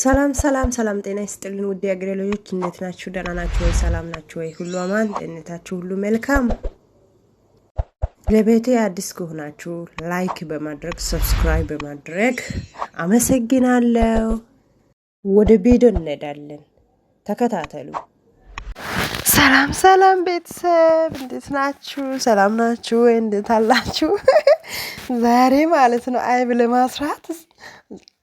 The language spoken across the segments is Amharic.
ሰላም ሰላም ሰላም፣ ጤና ይስጥልን ውድ የአገሬ ልጆች እንዴት ናችሁ? ደህና ናችሁ ወይ? ሰላም ናችሁ ወይ? ሁሉ አማን፣ ጤንነታችሁ ሁሉ መልካም። ለቤቴ አዲስ ከሆናችሁ ላይክ በማድረግ ሰብስክራይብ በማድረግ አመሰግናለሁ። ወደ ቪዲዮ እንሄዳለን፣ ተከታተሉ። ሰላም ሰላም ቤተሰብ እንዴት ናችሁ? ሰላም ናችሁ ወይ? እንዴት አላችሁ? ዛሬ ማለት ነው አይብ ለማስራት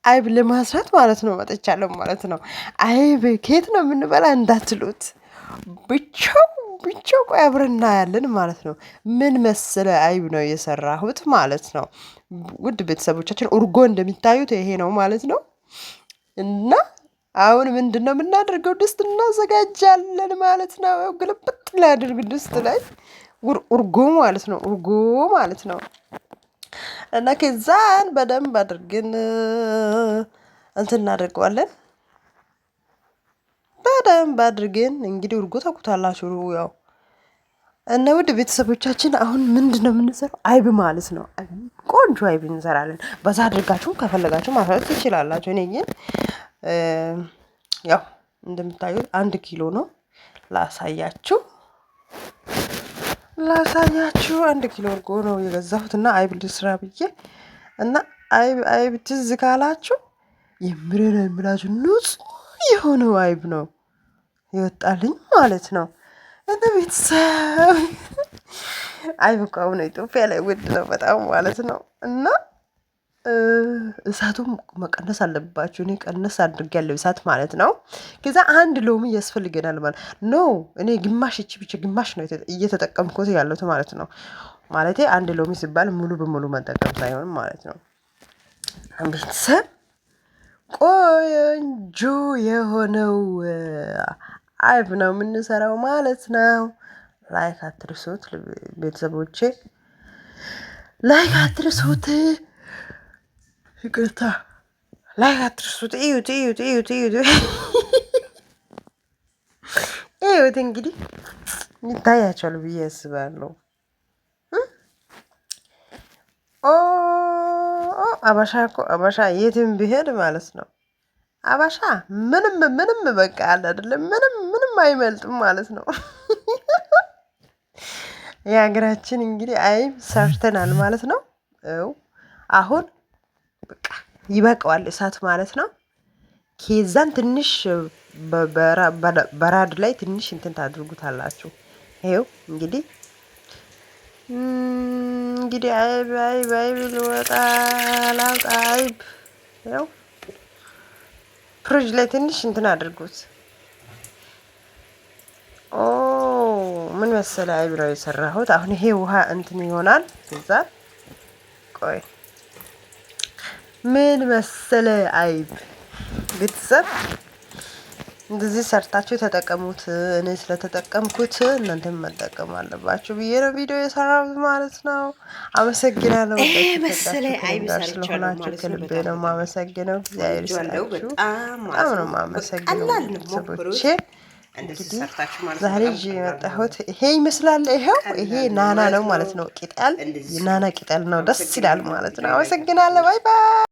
አይብ ለማስራት ማለት ነው መጥቻለሁ ማለት ነው። አይብ ከየት ነው የምንበላ እንዳትሉት ብቻው ብቻው ቆይ አብረን እናያለን ማለት ነው። ምን መሰለ አይብ ነው የሰራሁት ማለት ነው። ውድ ቤተሰቦቻችን እርጎ እንደሚታዩት ይሄ ነው ማለት ነው። እና አሁን ምንድን ነው የምናደርገው? ድስት እናዘጋጃለን ማለት ነው። ግልብጥ ላያደርግ ድስት ላይ እርጎ ማለት ነው። እርጎ ማለት ነው። እና ከዛን በደንብ አድርገን እንትን እናደርገዋለን። በደንብ አድርገን እንግዲህ እርጎ ታውቁታላችሁ ያው እና ውድ ቤተሰቦቻችን አሁን ምንድን ነው የምንሰራው? አይብ ማለት ነው። ቆንጆ አይብ እንሰራለን። በዛ አድርጋችሁም ከፈለጋችሁ ማሳለት ትችላላችሁ። እኔ ግን ያው እንደምታዩት አንድ ኪሎ ነው ላሳያችሁ። ላሳያችሁ አንድ ኪሎ እርጎ ነው የገዛሁት እና አይብ ልስራ ብዬ እና አይብ አይብ ትዝ ካላችሁ የምሬን የምላችሁ ንጹህ የሆነው አይብ ነው ይወጣልኝ ማለት ነው። እና ቤተሰብ አይብ እኮ አሁን ኢትዮጵያ ላይ ውድ ነው በጣም ማለት ነው እና እሳቱም መቀነስ አለባችሁ። እኔ ቀነስ አድርጌያለሁ እሳት ማለት ነው። ከዛ አንድ ሎሚ ያስፈልገናል ማለት ኖ፣ እኔ ግማሽ እቺ ብቻ ግማሽ ነው እየተጠቀምኩት ያለሁት ማለት ነው። ማለቴ አንድ ሎሚ ሲባል ሙሉ በሙሉ መጠቀም ሳይሆን ማለት ነው። ቤተሰብ ቆንጆ የሆነው አይብ ነው የምንሰራው ማለት ነው። ላይክ አትርሱት ቤተሰቦቼ፣ ላይክ አትርሱት። ይቅርታ ላይ አትርሱት። እዩት እዩት እዩት እዩት እዩት። እንግዲህ ይታያቸዋል ብዬ አስባለሁ። አበሻ እኮ አበሻ የትም ብሄድ ማለት ነው። አበሻ ምንም ምንም በቃ አለ አይደለም፣ ምንም ምንም አይመልጥም ማለት ነው። የሀገራችን እንግዲህ አይም ሰርተናል ማለት ነው። አሁን በቃ ይበቃዋል እሳት ማለት ነው። ከዛን ትንሽ በራድ ላይ ትንሽ እንትን ታድርጉታላችሁ። ይኸው እንግዲህ እንግዲህ አይብ አይብ አይብ ልወጣ ላውጣ አይብ ይኸው ፍሪጅ ላይ ትንሽ እንትን አድርጉት። ኦ ምን መሰለ አይብ ነው የሰራሁት። አሁን ይሄ ውሃ እንትን ይሆናል። እዛ ቆይ ምን መሰለ አይብ ቤተሰብ እንደዚህ ሰርታችሁ የተጠቀሙት እኔ ስለተጠቀምኩት እናንተም መጠቀም አለባችሁ ብዬ ነው ቪዲዮ የሰራሁት ማለት ነው። አመሰግናለሁ። ስለሆናችሁ ከልቤ ነው የማመሰግነው። እግዚአብሔር ይስጣችሁ። በጣም ነው የማመሰግነው ቤተሰቦቼ። ዛሬ ይዤ የመጣሁት ይሄ ይመስላል። ይኸው ይሄ ናና ነው ማለት ነው። ቅጠል ናና ቅጠል ነው። ደስ ይላል ማለት ነው። አመሰግናለሁ። ባይ ባይ